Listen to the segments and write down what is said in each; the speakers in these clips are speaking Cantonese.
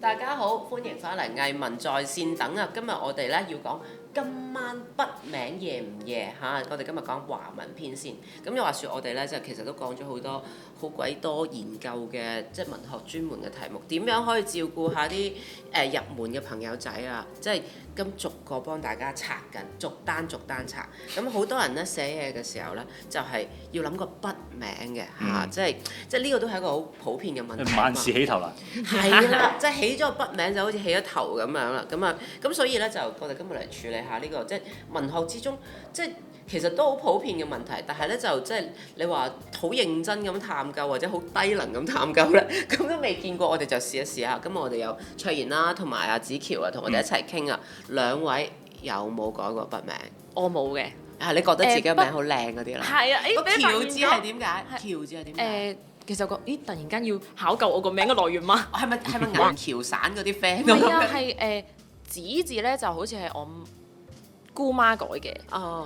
大家好，歡迎翻嚟藝文在線等啊！今日我哋咧要講今晚筆名夜唔夜吓，我哋今日講華文篇先。咁又話說我哋咧，即係其實都講咗好多好鬼多研究嘅，即係文學專門嘅題目。點樣可以照顧下啲誒、呃、入門嘅朋友仔啊？即係。咁逐個幫大家拆緊，逐單逐單拆。咁好多人咧寫嘢嘅時候咧，就係、是、要諗個筆名嘅嚇、嗯啊，即係即係呢個都係一個好普遍嘅問題。嗯嗯、萬事起頭難。係啦， 即、就、係、是、起咗個筆名就好似起咗頭咁樣啦。咁啊，咁所以咧就我哋今日嚟處理下呢、這個，即係文學之中，即係。其實都好普遍嘅問題，但係咧就即係你話好認真咁探究或者好低能咁探究咧，咁都未見過。我哋就試一試下。咁我哋有卓然啦，同埋阿紫翹啊，同我哋一齊傾啊。兩位有冇改過筆名？我冇嘅。係、啊、你覺得自己個名好靚嗰啲啦。係啊、欸，誒，翹字係點解？翹字係點？誒，其實個咦，突然間要考究我個名嘅來源嗎？係咪係咪銀翹散嗰啲名咁？唔係啊，係誒，紫字咧就好似係我。 姑媽改嘅，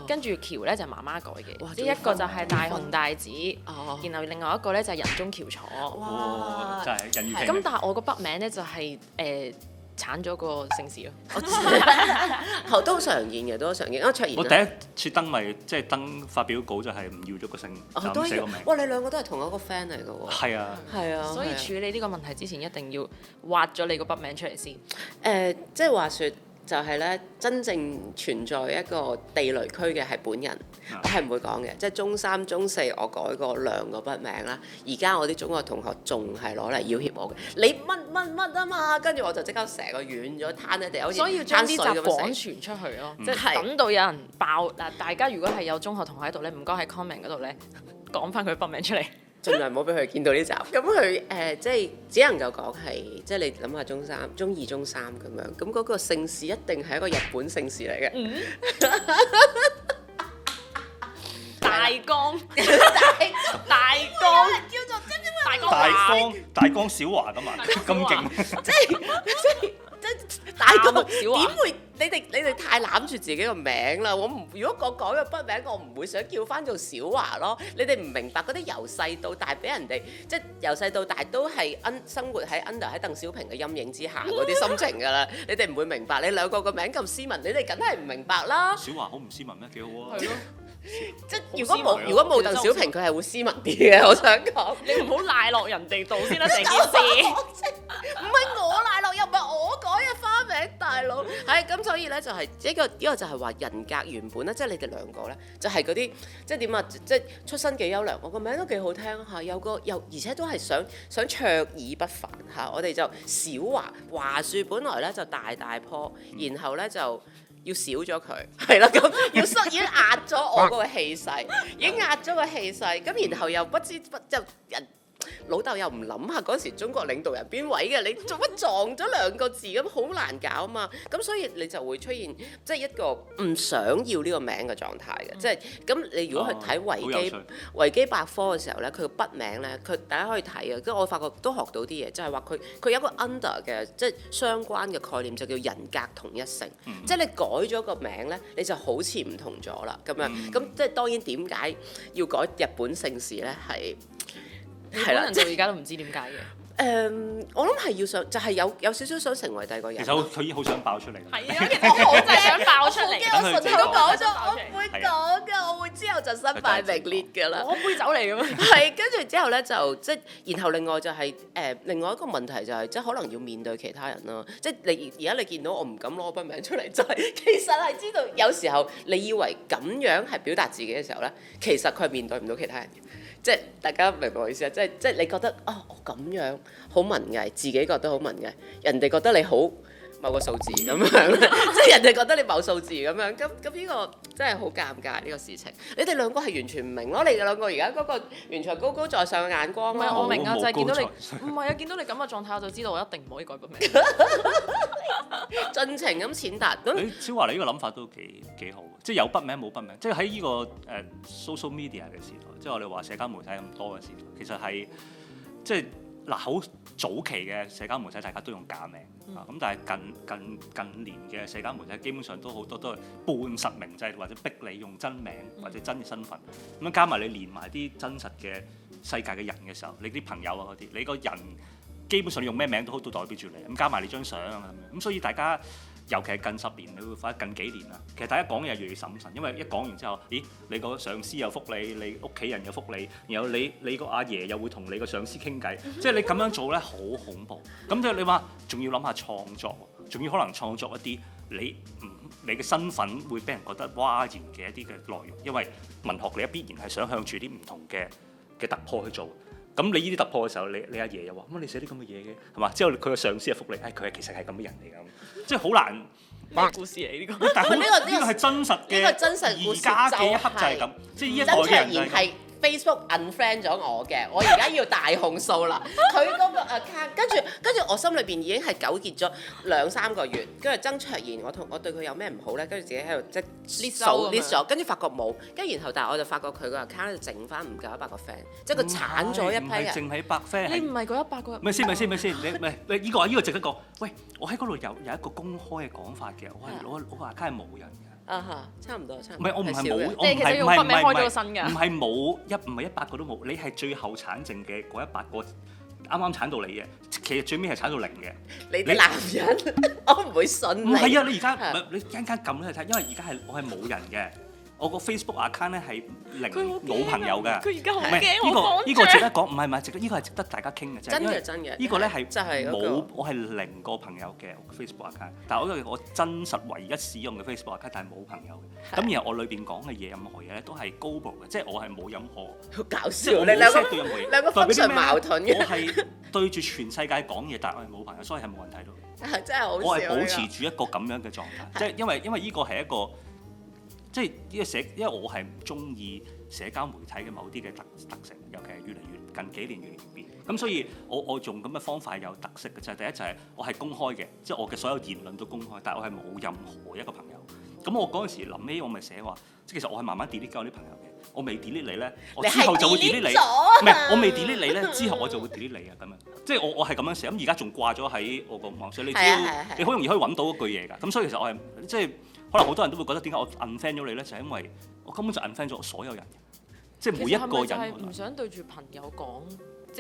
跟住喬咧就媽媽改嘅，呢一個就係大雄、大紫，然後另外一個咧就人中喬楚，哇，就係咁但係我個筆名咧就係誒，鏟咗個姓氏咯，後都常見嘅，都好常見，都出現。我第一次登咪即係登發表稿就係唔要咗個姓，就寫個名。哇，你兩個都係同一個 friend 嚟嘅喎。係啊，係啊，所以處理呢個問題之前一定要挖咗你個筆名出嚟先。誒，即係話説。就係咧，真正存在一個地雷區嘅係本人，我係唔會講嘅。即係中三、中四，我改過兩個筆名啦。而家我啲中學同學仲係攞嚟要挾我嘅。你乜乜乜啊嘛？跟住我就即刻成個軟咗攤喺地，好似攤水咁樣。所以要將啲集廣傳出去咯，即係等到有人爆嗱。是大家如果係有中學同學喺度咧，唔該喺 comment 嗰度咧講翻佢筆名出嚟。儘量唔好俾佢見到呢集，咁佢誒，即係只能夠講係，即係你諗下中三、中二、中三咁樣，咁嗰個姓氏一定係一個日本姓氏嚟嘅，大江大江大江叫做，跟住咪大江大江大江小樺咁嘛，咁勁，即係。即大哥，小樺點會？你哋你哋太攬住自己個名啦！我唔如果我改個筆名，我唔會想叫翻做小樺咯。你哋唔明白嗰啲由細到大俾人哋即係由細到大都係生活喺 under 喺鄧小平嘅陰影之下嗰啲心情噶啦。你哋唔會明白。你兩個個名咁斯文，你哋梗係唔明白啦。小樺好唔斯文咩？幾好啊！係咯，即係如果冇如果冇鄧小平，佢係會斯文啲嘅。我想講，你唔好賴落人哋度先啦，成件事。係咁，所以咧就係呢個，呢個就係話人格原本咧，即係你哋兩個咧，就係嗰啲即係點啊，即係出身幾優良，我個名都幾好聽嚇，有個又而且都係想想卓爾不凡嚇，我哋就小樺，樺樹，本來咧就大大棵，然後咧就要少咗佢，係啦，咁要縮影壓咗我個氣勢，已經壓咗個氣勢，咁然後又不知不就人。老豆又唔諗下嗰時中國領導人邊位嘅？你做乜撞咗兩個字咁好難搞嘛？咁所以你就會出現即係、就是、一個唔想要呢個名嘅狀態嘅，即係咁你如果去睇維基、哦、維基百科嘅時候咧，佢個筆名咧，佢大家可以睇嘅，跟住我發覺都學到啲嘢，就係話佢佢有一個 under 嘅即係相關嘅概念就叫人格同一性，即係、嗯、你改咗個名咧，你就好似唔同咗啦咁樣，咁即係當然點解要改日本姓氏咧係？可能到而家都唔知點解嘅。誒，我諗係要想，就係有有少少想成為第二個人。其實佢已經好想爆出嚟。係啊，其實我真係想爆出嚟。我從嚟都講咗，我唔會講㗎，我會之後就身敗名裂㗎啦。我會走嚟咁。係，跟住之後咧就即係，然後另外就係誒，另外一個問題就係即係可能要面對其他人啦。即係你而家你見到我唔敢攞個筆名出嚟，就係其實係知道有時候你以為咁樣係表達自己嘅時候咧，其實佢係面對唔到其他人嘅。即係大家明白我意思啊！即係即係你覺得啊，哦，我咁樣好文藝，自己覺得好文藝，人哋覺得你好。某個數字咁樣，即 係人哋覺得你某數字咁樣，咁咁呢個真係好尷尬呢個事情。你哋兩個係完全唔明囉，你哋兩個而家嗰個完全高高在上嘅眼光咩？我明啊，就係見到你，唔係啊，見到你咁嘅狀態，我就知道我一定唔可以改個名，盡情咁踐踏。你小樺，你呢個諗法都幾幾好，即係有筆名冇筆名，即係喺呢個誒 social media 嘅時代，即係我哋話社交媒體咁多嘅時代，其實係即係嗱好早期嘅社交媒體，媒體大家都用假名。啊！咁、嗯嗯、但係近近近年嘅社交媒體基本上都好多都係半實名制或者逼你用真名或者真嘅身份，咁樣、嗯嗯、加埋你連埋啲真實嘅世界嘅人嘅時候，你啲朋友啊嗰啲，你個人基本上你用咩名都好，都代表住你。咁加埋你張相咁樣，咁所以大家。尤其係近十年，你會發覺近幾年啦。其實大家講嘢越嚟越審慎，因為一講完之後，咦？你個上司有覆你，你屋企人有覆你，然後你你個阿爺又會同你個上司傾偈，即係你咁樣做咧，好恐怖。咁即係你話，仲要諗下創作，仲要可能創作一啲你唔你嘅身份會俾人覺得嘩然嘅一啲嘅內容，因為文學你必然係想向住啲唔同嘅嘅突破去做。咁你呢啲突破嘅時候，你你阿爺，爺又話：咁你寫啲咁嘅嘢嘅，係嘛？之後佢個上司嘅福利，誒佢係其實係咁嘅人嚟㗎，即係好難。故事嚟呢個，但係呢個呢個係真實嘅，而家嘅一刻就係咁，即係呢一代嘅人就 Facebook unfriend 咗我嘅，我而家要大控訴啦！佢嗰 個 account，跟住跟住我心裏邊已經係糾結咗兩三個月，跟住曾卓然，我同我對佢有咩唔好咧？跟住自己喺度即係 list 咗，list 咗，跟住發覺冇，跟住然後但係我就發覺佢個 account 剩翻唔夠一百個 friend，即係佢鏟咗一批人。唔淨係百 friend，你唔係嗰一百個。唔係先，唔係先，唔係先，你唔係依個啊！依個值得一講。喂，我喺嗰度有有一個公開嘅講法嘅，我係我我 account 係冇人。啊哈，差唔多，差唔多，唔係我係冇，我唔係咗係唔係唔係冇一唔係一百個都冇，你係最後攢剩嘅嗰一百個啱啱攢到你嘅，其實最尾係攢到零嘅。你男人，我唔會信你。唔係啊，你而家你陣間撳咧睇，因為而家係我係冇人嘅。我個 Facebook account 咧係零冇朋友嘅，佢而家好驚我講嘢。唔係呢個呢個值得講，唔係唔係值得呢個係值得大家傾嘅，真係真嘅。呢個咧係真係冇我係零個朋友嘅 Facebook account，但係我係我真實唯一使用嘅 Facebook account，但係冇朋友嘅。咁然後我裏邊講嘅嘢任何嘢咧都係 global 嘅，即係我係冇任何。好搞笑，你兩個兩個非常矛盾嘅。我係對住全世界講嘢，但係我係冇朋友，所以係冇人睇到。係真係好笑。我係保持住一個咁樣嘅狀態，即係因為因為呢個係一個。即係因為社，因為我係唔中意社交媒體嘅某啲嘅特特性，尤其係越嚟越近幾年越嚟越變。咁所以我我用咁嘅方法有特色嘅就係、是、第一就係、是、我係公開嘅，即、就、係、是、我嘅所有言論都公開，但係我係冇任何一個朋友。咁我嗰陣時諗起我咪寫話，即其實我係慢慢 delete 我啲朋友嘅，我未 delete 你咧，我之後就會 delete 你。唔係、啊，我未 delete 你咧，之後我就會 delete 你啊！咁樣，即係我我係咁樣寫。咁而家仲掛咗喺我個網上，你只要、啊啊啊、你好容易可以揾到嗰句嘢㗎。咁所以其實我係即係。可能好多人都會覺得點解我 unfriend 咗你咧？就係因為我根本就 unfriend 咗所有人，即係每一個人。其實係唔想對住朋友講。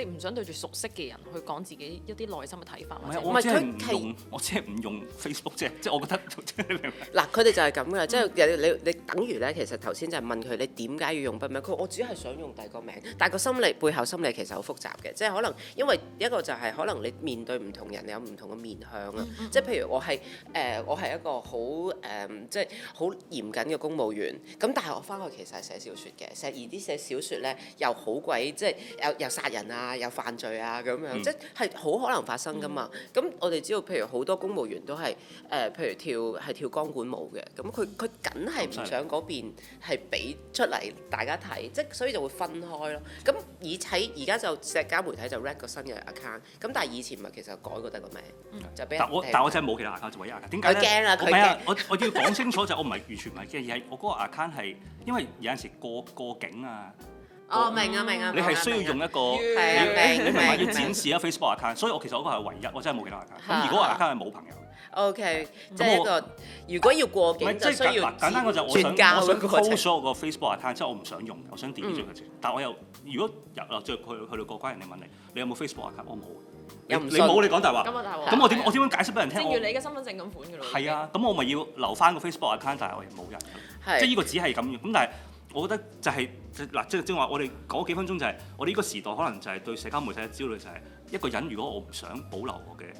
你唔想對住熟悉嘅人去講自己一啲內心嘅睇法。唔係，我即係唔用，我即係唔用 Facebook 啫。即係我覺得，你明唔明？嗱，佢哋就係咁嘅，即係你你等於咧。其實頭先就係問佢你點解要用筆名。佢我只係想用第二個名，但係個心理背後心理其實好複雜嘅。即係可能因為一個就係、是、可能你面對唔同人你有唔同嘅面向啊。嗯嗯即係譬如我係誒、呃、我係一個好誒即係好嚴謹嘅公務員。咁但係我翻去其實係寫小説嘅，寫而啲寫小説咧又好鬼即係又又殺人啊！啊！有犯罪啊咁樣，即係好可能發生㗎嘛。咁、嗯、我哋知道，譬如好多公務員都係誒、呃，譬如跳係跳鋼管舞嘅。咁佢佢梗係唔想嗰邊係俾出嚟大家睇，嗯、即係所以就會分開咯。咁而喺而家就社交媒體就 set 個新嘅 account。咁但係以前咪其實改過得個名，嗯、就俾我。但我真係冇其他 account，就唯一 account。點解咧？我我我要講清楚就我唔係完全唔係，即係 我嗰個 account 係因為有陣時過過境啊。哦，明啊，明啊，你係需要用一個，你明同埋要展示一個 Facebook account，所以我其實嗰個係唯一，我真係冇其他 account。咁如果 account 係冇朋友，OK，咁我就，如果要過境就需要簡單嗰就我想我想 call 所有個 Facebook account，即係我唔想用，我想 delete 但我又如果入啦，即係去到過關人哋問你，你有冇 Facebook account？我冇，你冇你講大話，咁我大話我點我點樣解釋俾人聽？正如你嘅身份證咁款㗎咯，係啊，咁我咪要留翻個 Facebook account，但係我係冇人，即係呢個只係咁樣。咁但係。我覺得就係嗱，即係即係話，我哋講幾分鐘就係，我哋呢個時代可能就係對社交媒體嘅焦慮就係一個人，如果我唔想保留我嘅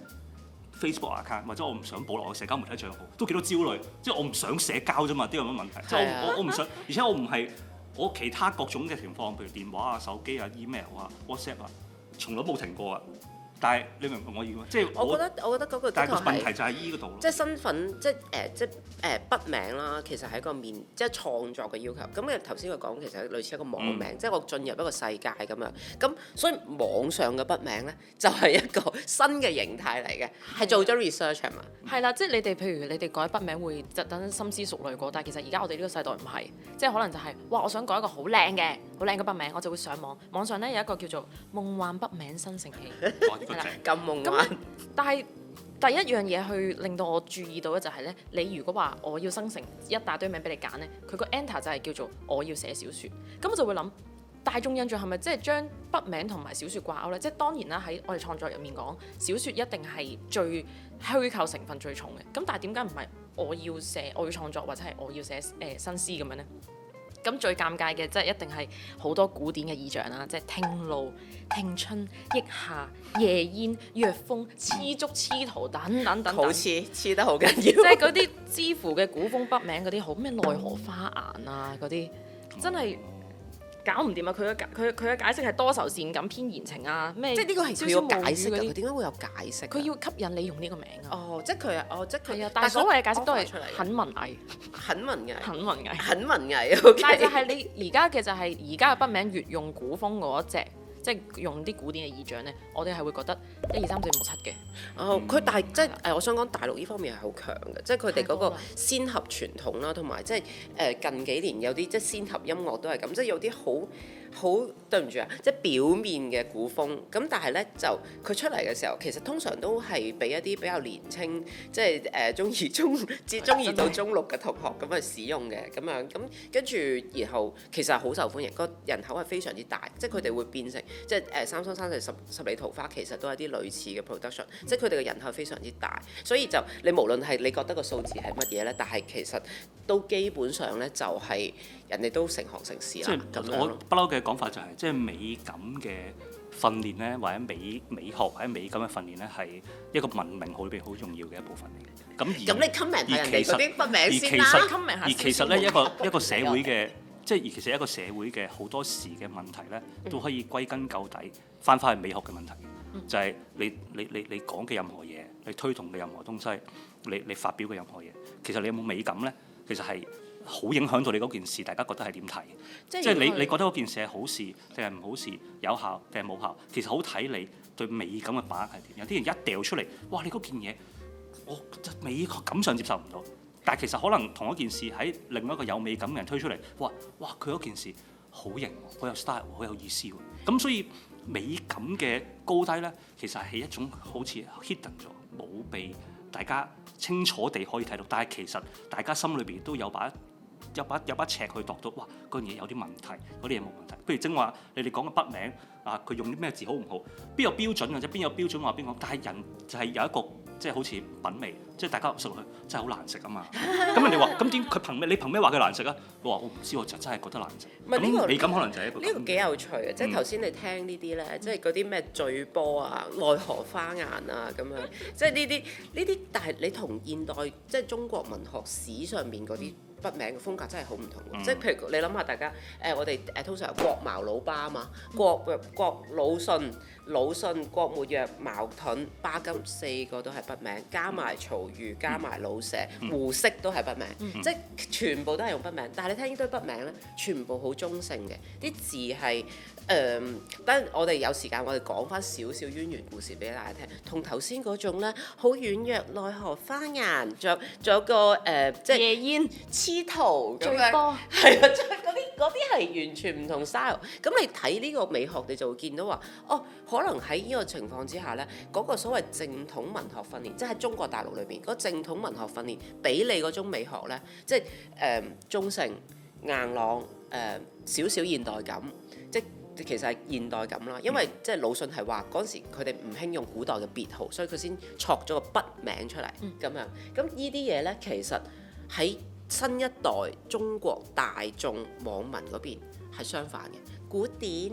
Facebook account，或者我唔想保留我社交媒體帳號，都幾多焦慮，即係我唔想社交啫嘛，都有乜問題？即係我我唔想，而且我唔係我其他各種嘅情況，譬如電話啊、手機啊、email 啊、WhatsApp 啊，從來冇停過啊。但係你明唔明我意思？即係我，我覺得我覺得嗰個，但係個問題就係依個度咯。即係身份，即係誒，即係誒筆名啦。其實係一個面，即係創作嘅要求。咁你頭先佢講其實類似一個網名，嗯、即係我進入一個世界咁樣。咁所以網上嘅筆名咧就係、是、一個新嘅形態嚟嘅，係的做咗 research 啊嘛。係啦，即係你哋譬如你哋改筆名會就等深思熟慮過，但係其實而家我哋呢個世代唔係，即係可能就係、是、哇我想改一個好靚嘅好靚嘅筆名，我就會上網。網上咧有一個叫做夢《叫做夢幻筆名新城》。 係啦，咁夢幻。咁，但係第一樣嘢去令到我注意到嘅就係呢：你如果話我要生成一大堆名俾你揀呢，佢個 enter 就係叫做我要寫小説。咁我就會諗大眾印象係咪即係將筆名同埋小説掛鈎呢？即係當然啦，喺我哋創作入面講，小説一定係最虛構成分最重嘅。咁但係點解唔係我要寫我要創作或者係我要寫誒、呃、新詩咁樣呢？咁最尷尬嘅即係一定係好多古典嘅意象啦，即係聽路、聽春、憶夏、夜煙、弱風、痴足、痴桃等等等等，好似痴得好緊要， 即係嗰啲知乎嘅古風筆名嗰啲，好咩奈何花顏啊嗰啲，Okay. 真係。搞唔掂啊！佢嘅解佢，佢嘅解釋係多愁善感，偏言情啊咩？麼即係呢個係需要解釋，佢點解會有解釋？佢要吸引你用呢個名啊哦！哦，即係佢啊，哦即係係啊！但係所謂嘅解釋都係出嚟很文藝，很 文藝，很文藝，很文藝。Okay 但係就係你而家嘅就係而家嘅筆名越用古風嗰一隻。即係用啲古典嘅意象咧，我哋係會覺得一二三四五六七嘅。哦，佢但係即係誒，我想講大陸呢方面係好強嘅，即係佢哋嗰個先合傳統啦，同埋即係誒、呃、近幾年有啲即係先合音樂都係咁，即係有啲好。好對唔住啊！即係表面嘅古風，咁但係呢，就佢出嚟嘅時候，其實通常都係俾一啲比較年輕，即係誒、呃、中二中至中二到中六嘅同學咁去使用嘅，咁樣咁跟住然後其實好受歡迎，個人口係非常之大，即係佢哋會變成即係、呃、三生三世十十里桃花，其實都係啲類似嘅 production，即係佢哋嘅人口係非常之大，所以就你無論係你覺得個數字係乜嘢呢，但係其實都基本上呢、就是，就係人哋都成行成市啦，即係咁樣講法就係、是，即係美感嘅訓練咧，或者美美學或者美感嘅訓練咧，係一個文明好裏邊好重要嘅一部分嚟嘅。咁、嗯、而咁而你筆名係人哋嗰啲筆名先啦。筆名係人哋冇得講嘅。而其實咧一個一個社會嘅， 即係而其實一個社會嘅好多時嘅問題咧，都可以歸根究底翻返去美學嘅問題。嗯、就係你你你你講嘅任何嘢，你推動嘅任何東西，你西你，你，你發表嘅任何嘢，其實你有冇美感咧？其實係。好影響到你嗰件事，大家覺得係點睇？即係你，你覺得嗰件事係好事定係唔好事？有效定係冇效？其實好睇你對美感嘅把握係點。有啲人一掉出嚟，哇！你嗰件嘢，我美感上接受唔到。但係其實可能同一件事喺另一個有美感嘅人推出嚟，哇！哇！佢嗰件事好型，好有 style，好有意思喎。咁所以美感嘅高低呢，其實係一種好似 hidden 咗，冇被大家清楚地可以睇到。但係其實大家心裏邊都有把。有把有把尺去度到，哇！嗰樣嘢有啲問題，嗰啲嘢冇問題。不如正話，你哋講嘅筆名啊，佢用啲咩字好唔好？邊有標準或者係邊有標準話邊講？但係人就係有一個即係好似品味，即係大家食落去真係好難食啊嘛！咁你哋話，咁點佢憑咩？你憑咩話佢難食啊？我話我唔知，我就真係覺得難食。唔係呢個美感可能就係一個呢個幾有趣嘅，即係頭先你聽呢啲咧，嗯、即係嗰啲咩醉波啊、奈何花眼啊咁樣，即係呢啲呢啲，但係你同現代即係、就是、中國文學史上面嗰啲。筆名嘅風格真係好唔同，即係、嗯、譬如你諗下，大家誒、呃，我哋誒通常有郭茅老巴啊嘛，國國魯迅。魯迅、郭沫若、茅盾、巴金四個都係筆名，加埋曹禺、加埋老舍，胡適都係筆名，嗯、即係全部都係用筆名。但係你聽呢堆筆名咧，全部好中性嘅，啲字係誒、呃。等我哋有時間，我哋講翻少少淵源故事俾大家聽。同頭先嗰種咧，好軟弱，奈何花顏，著仲有，有個誒、呃，即係夜煙、痴桃、醉波樣，係多啊，嗰啲啲係完全唔同 style。咁你睇呢個美學，你就會見到話，哦。哦哦哦哦哦。可能喺呢個情況之下呢嗰、那個所謂正統文學訓練，即喺中國大陸裏邊嗰、那個、正統文學訓練俾你嗰種美學呢，即係誒、呃、中性硬朗誒少少現代感，即其實係現代感啦。因為，、嗯、因為即係魯迅係話嗰陣時佢哋唔興用古代嘅別號，所以佢先作咗個筆名出嚟咁、嗯、樣。咁呢啲嘢呢，其實喺新一代中國大眾網民嗰邊係相反嘅古典。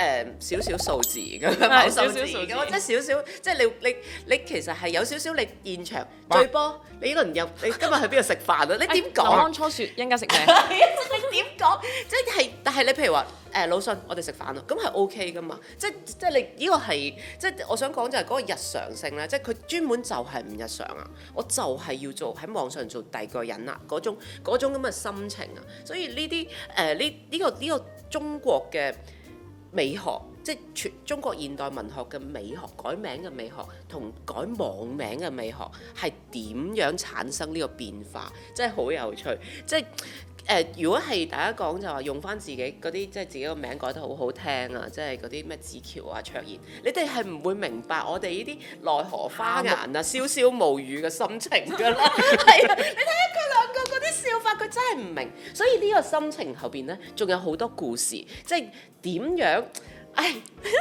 誒少少數字咁，少少數、啊、即係是少少，即係你你你其實係有少少你現場對波，你呢個唔入，你今日去邊度食飯啊？你點講、哎 嗯？我剛初雪應該食咩？你點講？即係但係你譬如話誒，魯迅，我哋食飯咯，咁係 O K 噶嘛？即即係你呢個係即係我想講就係嗰個日常性咧，即係佢專門就係唔日常啊！我就係要做喺網上做第二個人啊，嗰種嗰種咁嘅心情啊，所以呢啲誒呢呢個呢、呢個中國嘅。美學，即係全中國現代文學嘅美學，改名嘅美學同改網名嘅美學，係點樣產生呢個變化？真係好有趣，即係。誒、呃，如果係大家講就話用翻自己嗰啲、就是，即係自己個名改得好好聽啊！即係嗰啲咩紫翹啊、卓然，你哋係唔會明白我哋呢啲奈何花顏啊、瀟瀟 無語嘅心情㗎啦。係 啊，你睇下佢兩個嗰啲笑法，佢真係唔明。所以呢個心情後邊咧，仲有好多故事，即係點樣？唉，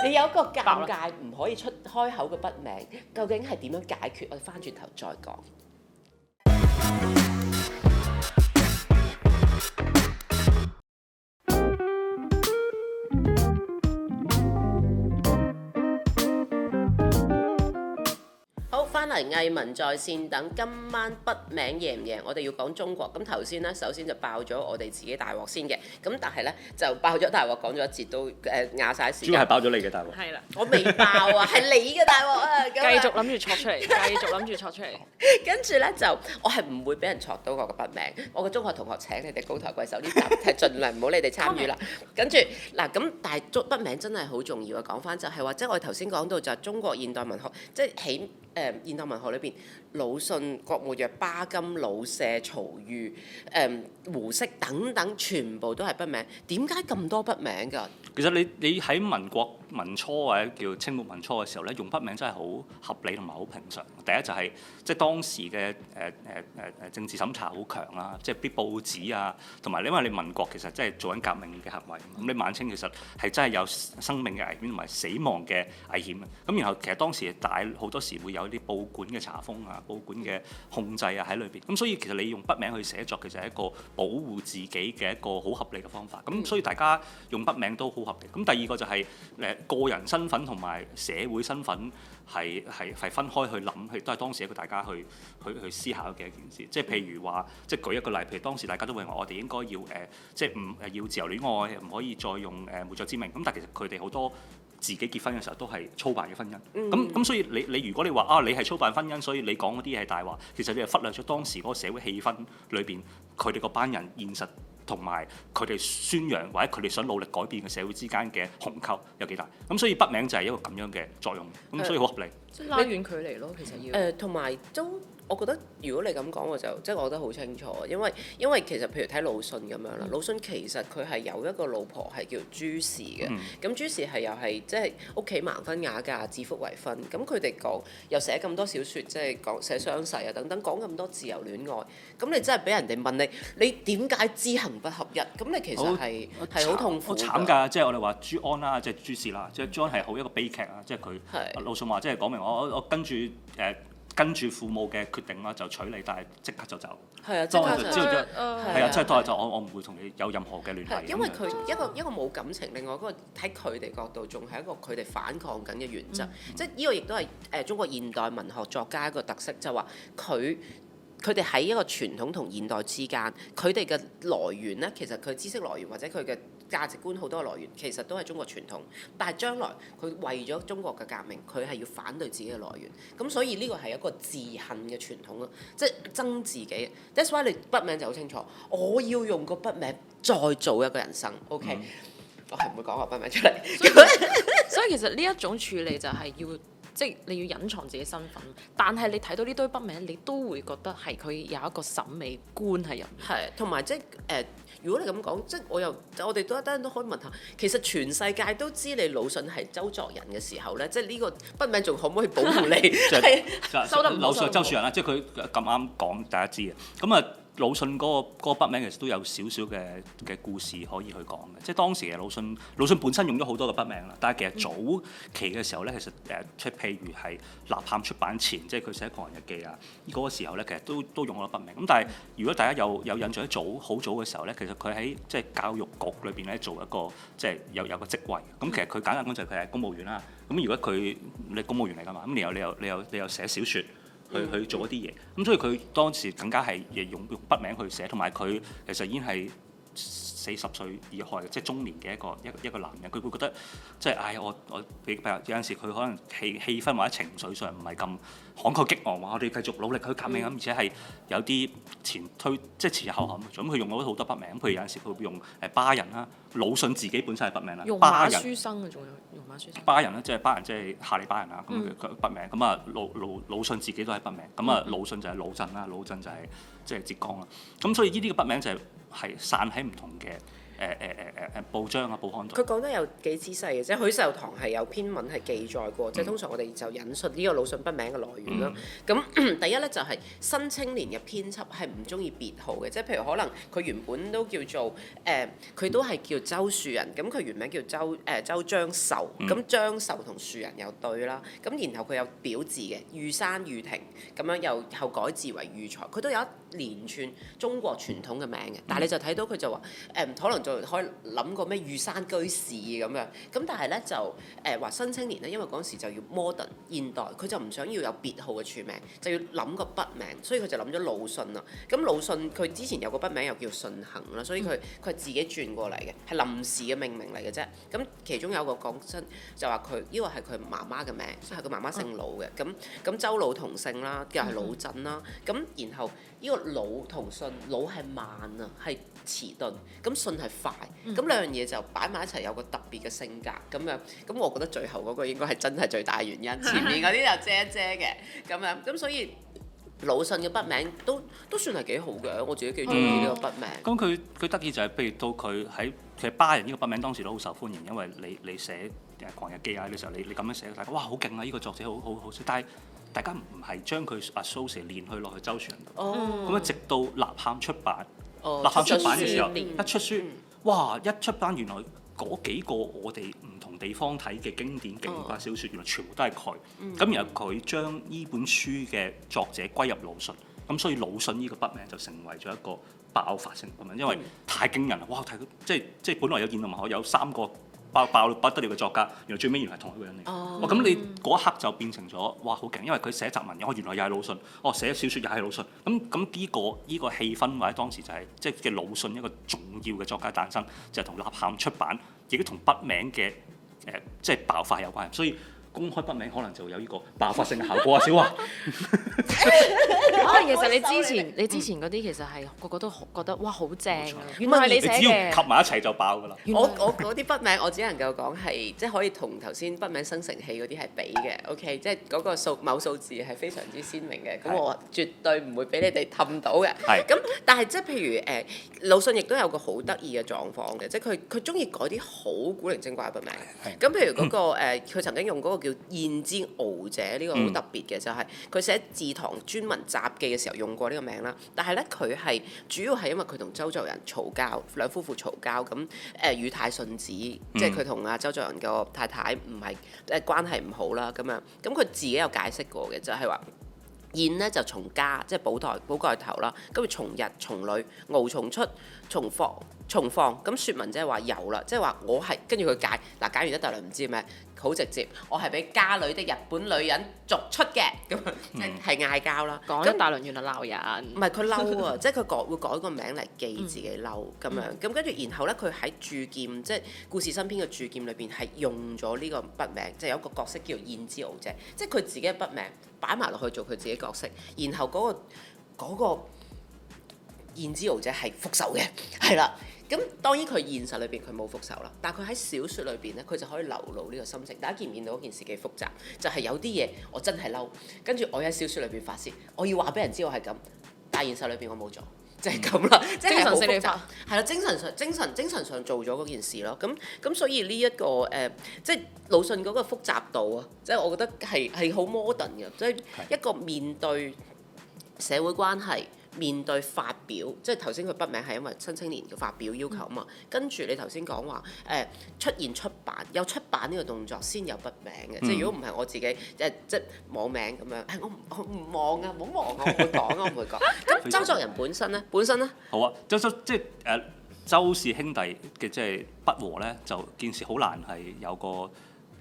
你有個尷尬唔了可以出開口嘅筆名，究竟係點樣解決？我哋翻轉頭再講。藝文在線等，今晚筆名夜唔夜？我哋要講中國。咁頭先咧，首先就爆咗我哋自己大鑊先嘅，咁但係咧就爆咗大鑊，講咗一節都誒壓晒時間。呃、事主要係爆咗你嘅大鑊。係啦，我未爆啊，係你嘅大鑊啊！繼續諗住戳出嚟，繼續諗住戳出嚟。 跟住咧就我係唔會俾人戳到我個筆名。我個中學同學，請你哋高抬貴手，呢 集係盡量唔好你哋參與啦。能跟住嗱咁，但係筆名真係好重要啊！講翻就係話，即、就、係、是、我頭先講到就係中國現代文學，即係起誒現代。文學裏邊，魯迅、郭沫若、巴金、老舍、曹禺、誒、嗯、胡適等等，全部都係筆名。點解咁多筆名㗎？其實你你喺民國民初或者叫清末民初嘅時候咧，用筆名真係好合理同埋好平常。第一就係即係當時嘅誒誒誒誒政治審查好強啦，即係啲報紙啊，同埋因為你民國其實真係做緊革命嘅行為，咁你晚清其實係真係有生命嘅危險同埋死亡嘅危險嘅。咁然後其實當時大好多時會有啲報。管嘅查封啊，保管嘅控制啊，喺裏邊。咁所以其實你用筆名去寫作，其實係一個保護自己嘅一個好合理嘅方法。咁所以大家用筆名都好合理。咁第二個就係、是、誒、呃、個人身份同埋社會身份係係係分開去諗，係都係當時一個大家去去去思考嘅一件事。即係譬如話，即係舉一個例，譬如當時大家都會話，我哋應該要誒、呃、即係唔誒要自由戀愛，唔可以再用誒冇著之名。咁但係其實佢哋好多。自己結婚嘅時候都係操辦嘅婚姻，咁咁、嗯、所以你你如果你話啊你係操辦婚姻，所以你講嗰啲嘢係大話，其實你係忽略咗當時嗰個社會氣氛裏邊佢哋嗰班人現實同埋佢哋宣揚或者佢哋想努力改變嘅社會之間嘅鴻溝有幾大，咁所以筆名就係一個咁樣嘅作用，咁是所以好合理，拉遠距離咯，其實要誒同埋都。嗯呃我覺得如果你咁講，我就即係我覺得好清楚，因為因為其實譬如睇魯迅咁樣啦，魯迅、嗯、其實佢係有一個老婆係叫朱氏嘅，咁朱氏係又係即係屋企盲婚啞嫁、指腹為婚，咁佢哋講又寫咁多小説，即係講寫傷逝啊等等，講咁多自由戀愛，咁、嗯、你真係俾人哋問你，你點解知行不合一？咁你其實係係好痛苦好、好慘㗎、就是，即係我哋話朱安啦，即係朱氏啦，即係朱安係好一個悲劇啊，即係佢魯迅話即係講明我我跟住誒。對跟住父母嘅決定啦，就娶你，但係即刻就走。係啊，即刻就走。係啊，即係當日就我我唔會同你有任何嘅聯繫。因為佢一個一個冇感情，另外嗰個喺佢哋角度仲係一個佢哋反抗緊嘅原則。即係呢個亦都係誒中國現代文學作家一個特色，就話佢佢哋喺一個傳統同現代之間，佢哋嘅來源呢，其實佢知識來源或者佢嘅。價值觀好多來源，其實都係中國傳統，但係將來佢為咗中國嘅革命，佢係要反對自己嘅來源，咁所以呢個係一個自恨嘅傳統咯，即係憎自己。That's why 你筆名就好清楚，我要用個筆名再做一個人生。OK，嗯、我係唔會講個筆名出嚟。所以， 所以其實呢一種處理就係要。即係你要隱藏自己身份，但係你睇到呢堆筆名，你都會覺得係佢有一個審美觀喺入面。係的，同埋即係誒、呃，如果你咁講，即係我又我哋都一陣都可以問下，其實全世界都知你魯迅係周作人嘅時候咧，即係呢個筆名仲可唔可以保護你？係收得魯迅帥周樹人啦，即係佢咁啱講，大家知嘅。咁啊。魯迅嗰個嗰個筆名其實都有少少嘅嘅故事可以去講嘅，即係當時嘅魯迅魯迅本身用咗好多嘅筆名啦，但係其實早期嘅時候咧，其實誒譬如係《吶喊》出版前，即係佢寫《狂人日記》啊，嗰個時候咧，其實都都用咗筆名。咁但係如果大家有有印象喺早好早嘅時候咧，其實佢喺即係教育局裏邊咧做一個即係有有個職位。咁其實佢簡單講就係佢係公務員啦。咁如果佢你公務員嚟㗎嘛，咁然後你又你又你又，你又寫小説。去去做一啲嘢，咁所以佢當時更加係用用筆名去寫，同埋佢其實已經係四十歲以下即係中年嘅一個一個一個男人，佢會覺得即係、就是、唉，我我譬如有陣時佢可能氣氣氛或者情緒上唔係咁慷慨激昂話，我哋繼續努力去革命咁，嗯、而且係有啲前推即係、就是、前後咁，咁佢用咗好多筆名，譬如有陣時佢用誒巴人啦，魯迅自己本身係筆名啦，用馬書生仲有巴人咧，即係巴人，即係下里巴人啦。咁佢筆名，咁啊魯魯魯迅自己都係筆名。咁啊魯迅就係魯鎮啦，魯鎮就係即係浙江啦。咁所以呢啲嘅筆名就係係散喺唔同嘅。誒誒誒誒誒報章啊報刊佢講得有幾仔細嘅，即係許壽裳係有篇文係記載過，即係通常我哋就引述呢個魯迅筆名嘅來源啦。咁第一咧就係《新青年》嘅編輯係唔中意別號嘅，即係譬如可能佢原本都叫做誒，佢都係叫周樹人，咁佢原名叫周誒周樟壽，咁樟壽同樹人又對啦。咁然後佢有表字嘅，豫山豫亭。咁樣又後改字為豫才，佢都有一連串中國傳統嘅名嘅。但係你就睇到佢就話誒討論。就可以諗個咩遇山居士咁樣，咁但係咧就誒話、呃、新青年咧，因為嗰時就要 modern 現代，佢就唔想要有別號嘅署名，就要諗個筆名，所以佢就諗咗魯迅啦。咁魯迅佢之前有個筆名又叫迅行啦，所以佢佢係自己轉過嚟嘅，係臨時嘅命名嚟嘅啫。咁其中有一個講真就話佢呢個係佢媽媽嘅名，係佢媽媽姓魯嘅。咁咁周魯同姓啦，又係魯鎮啦。咁然後呢個魯同迅，魯係慢啊，係。遲鈍，咁迅係快，咁兩樣嘢就擺埋一齊，有個特別嘅性格咁樣，咁我覺得最後嗰個應該係真係最大原因， 前面嗰啲就遮遮嘅咁樣，咁所以魯迅嘅筆名都都算係幾好嘅，我自己幾中意呢個筆名。咁佢佢得意就係、是，譬如到佢喺其實巴人呢個筆名當時都好受歡迎，因為你你寫誒狂日記啊，呢時候你你咁樣寫，大家哇好勁啊！呢、這個作者好好好，好好但係大家唔係將佢 associate 連去落去周旋，咁啊、哦、直到吶喊出版。立嗱，哦、出版嘅時候先一出書，嗯、哇！一出版，原來嗰幾個我哋唔同地方睇嘅經典經典小説，哦、原來全部都係佢。咁、嗯、然後佢將呢本書嘅作者歸入魯迅，咁所以魯迅呢個筆名就成為咗一個爆發性嘅筆名，因為太驚人啦！哇，太佢即係即係本來有見到唔可有三個。爆爆不得了嘅作家，原來最尾原來係同一個人嚟。哦，咁、哦、你嗰一刻就變成咗，哇，好勁！因為佢寫雜文，哦，原來又係魯迅，哦，寫小説又係魯迅。咁咁依個依、這個氣氛或者當時就係、是、即係嘅魯迅一個重要嘅作家誕生，就係、是、同立喊」出版，亦都同筆名嘅誒、呃、即係爆發有關，所以。公開筆名可能就有呢個爆發性嘅效果啊，小樺。可能其實你之前你之前嗰啲其實係個個都覺得哇好正。唔係你寫嘅。你只要及埋一齊就爆㗎啦。我我嗰啲筆名我只能夠講係，即係可以同頭先筆名生成器嗰啲係比嘅，OK，即係嗰個數某數字係非常之鮮明嘅，咁我絕對唔會俾你哋氹到嘅。係。咁但係即係譬如誒，魯迅亦都有個好得意嘅狀況嘅，即係佢佢中意改啲好古靈精怪嘅筆名。係。咁譬如嗰個誒，佢曾經用嗰個叫。燕之敖者呢、這個好特別嘅就係、是、佢寫《字堂專文雜記》嘅時候用過呢個名啦，但係呢，佢係主要係因為佢同周作人嘈交，兩夫婦嘈交咁誒羽太信子，即係佢同阿周作人個太太唔係誒關係唔好啦咁啊，咁佢自己有解釋過嘅就係、是、話宴呢就從家即係寶台寶蓋頭啦，跟佢從日從女敖從出從霍。重放咁説文即係話有啦，即係話我係跟住佢解。嗱，解完一大輪唔知咩，好直接，我係俾家裏的日本女人逐出嘅咁樣，即係嗌交啦。 講啊，大輪原來鬧人，唔係佢嬲啊， 即係佢改會改個名嚟記自己嬲咁、嗯、樣，咁跟住然後咧，佢喺《鑄劍》即係《故事新編》嘅《鑄劍》裏邊係用咗呢個筆名，即、就、係、是、有一個角色叫宴之敖者，即係佢自己嘅筆名擺埋落去做佢自己角色，然後嗰、那個那個那個宴之敖者係復仇嘅，係啦。咁當然佢現實裏邊佢冇復仇啦，但係佢喺小説裏邊咧，佢就可以流露呢個心情。大家見唔見到件事幾複雜？就係、是、有啲嘢我真係嬲，跟住我喺小説裏邊發泄，我要話俾人知我係咁，但係現實裏邊我冇做，就係咁啦。精神上複雜，係啦，精神上、精神、精神上做咗嗰件事咯。咁咁所以呢、這、一個誒，即、呃、係、就是、魯迅嗰個複雜度啊，即、就、係、是、我覺得係係好 modern 嘅，即、就、係、是、一個面對社會關係。面對發表，即係頭先佢筆名係因為《新青年》嘅發表要求啊嘛。嗯、跟住你頭先講話，誒、呃、出現出版有出版呢個動作先有筆名嘅，嗯、即係如果唔係我自己，呃、即係即冇名咁樣。我唔我唔忘啊，唔好忘、啊、 我會講啊，我唔會講。咁 周作人本身咧，本身咧，好啊。周周即係誒周氏兄弟嘅即係不和咧，就件事好難係有個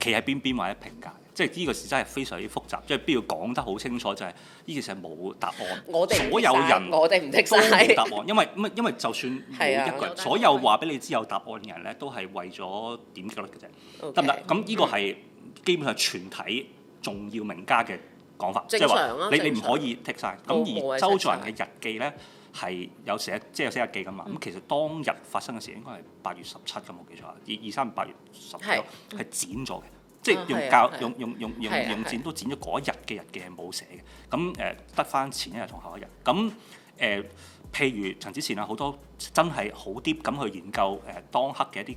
企喺邊邊或者評價。即係呢個事真係非常之複雜，即係必要講得好清楚，就係呢件事係冇答案。我哋所有人，我哋唔剔曬答案，因為因為就算每一個，所有話俾你知有答案嘅人咧，都係為咗點擊率嘅啫。得唔得？咁呢個係基本上全體重要名家嘅講法。正常啊。你你唔可以剔晒。都咁而周作人嘅日記咧係有寫，即係有寫日記噶嘛？咁其實當日發生嘅事應該係八月十七，咁冇記錯。二二三八月十七，係剪咗嘅。即係用教用用用用用剪都剪咗嗰一日嘅人嘅冇寫嘅，咁誒得翻前一日同後一日。咁誒、呃、譬如陳子善啊，好多真係好啲咁去研究誒、呃、當刻嘅一啲誒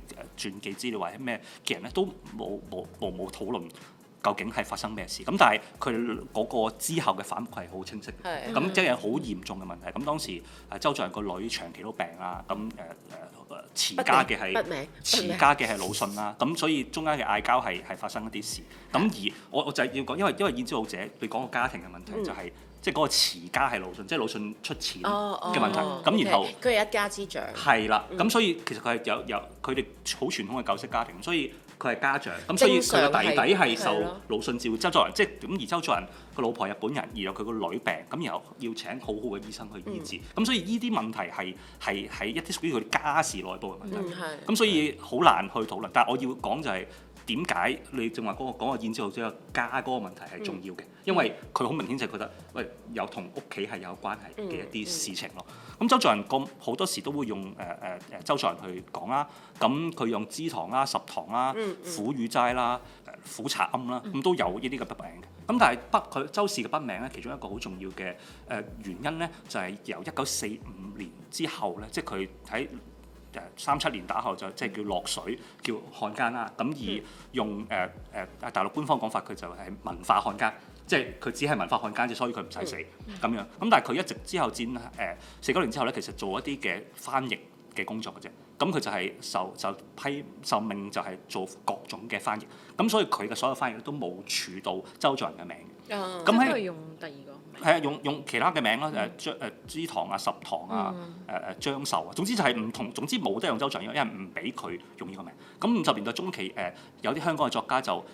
傳記資料或者咩嘅人咧，都冇冇冇冇討論究竟係發生咩事。咁但係佢嗰個之後嘅反饋係好清晰咁的即係好嚴重嘅問題。咁當時誒周作人個女長期都病啦，咁誒誒。呃呃呃持家嘅係持家嘅係魯迅啦，咁命所以中間嘅嗌交係係發生一啲事，咁的而我我就係要講，因為因為燕之老者你講個家庭嘅問題就係即係嗰個持家係魯迅，即係魯迅出錢嘅問題，咁、哦哦、然後佢係、okay. 一家之長，係啦的，咁、嗯、所以其實佢係有有佢哋好傳統嘅舊式家庭，所以。佢係家長，咁所以佢個弟弟係受魯迅照顧。周作人即係咁，而周作人個老婆日本人，而有佢個女病，咁然後要請好好嘅醫生去醫治。咁、嗯、所以呢啲問題係係喺一啲屬於佢家事內部嘅問題。咁、嗯、所以好難去討論。但係我要講就係、是。點解你正話講講個燕之屋只有加嗰個問題係重要嘅？嗯、因為佢好明顯就係覺得，喂、嗯哎，有同屋企係有關係嘅一啲事情咯。咁、嗯嗯、周作人咁好多時都會用誒誒誒周作人去講啦。咁佢用知堂啦、十堂啦、苦、嗯嗯、雨齋啦、苦、呃、茶庵啦，咁、呃、都有呢啲嘅筆名嘅。咁、嗯嗯、但係筆佢周氏嘅筆名咧，其中一個好重要嘅誒原因咧，就係由一九四五年之後咧，即係佢喺。誒三七年打後就即係叫落水，嗯、叫漢奸啦。咁而以用誒誒、呃呃、大陸官方講法佢就係文化漢奸，即係佢只係文化漢奸啫，所以佢唔使死咁、嗯、樣。咁但係佢一直之後戰誒四九年之後咧，其實做一啲嘅翻譯嘅工作嘅啫。咁佢就係受就批受命就係做各種嘅翻譯，咁所以佢嘅所有翻譯都冇署到周作人嘅名。哦、嗯，咁係用第二個。嗯嗯係啊，用用其他嘅名咯，誒張誒知堂啊、十堂啊、誒誒、嗯啊、張壽啊，總之就係唔同。總之冇得用周作人，因為唔俾佢用呢個名。咁五十年代中期，誒、呃、有啲香港嘅作家就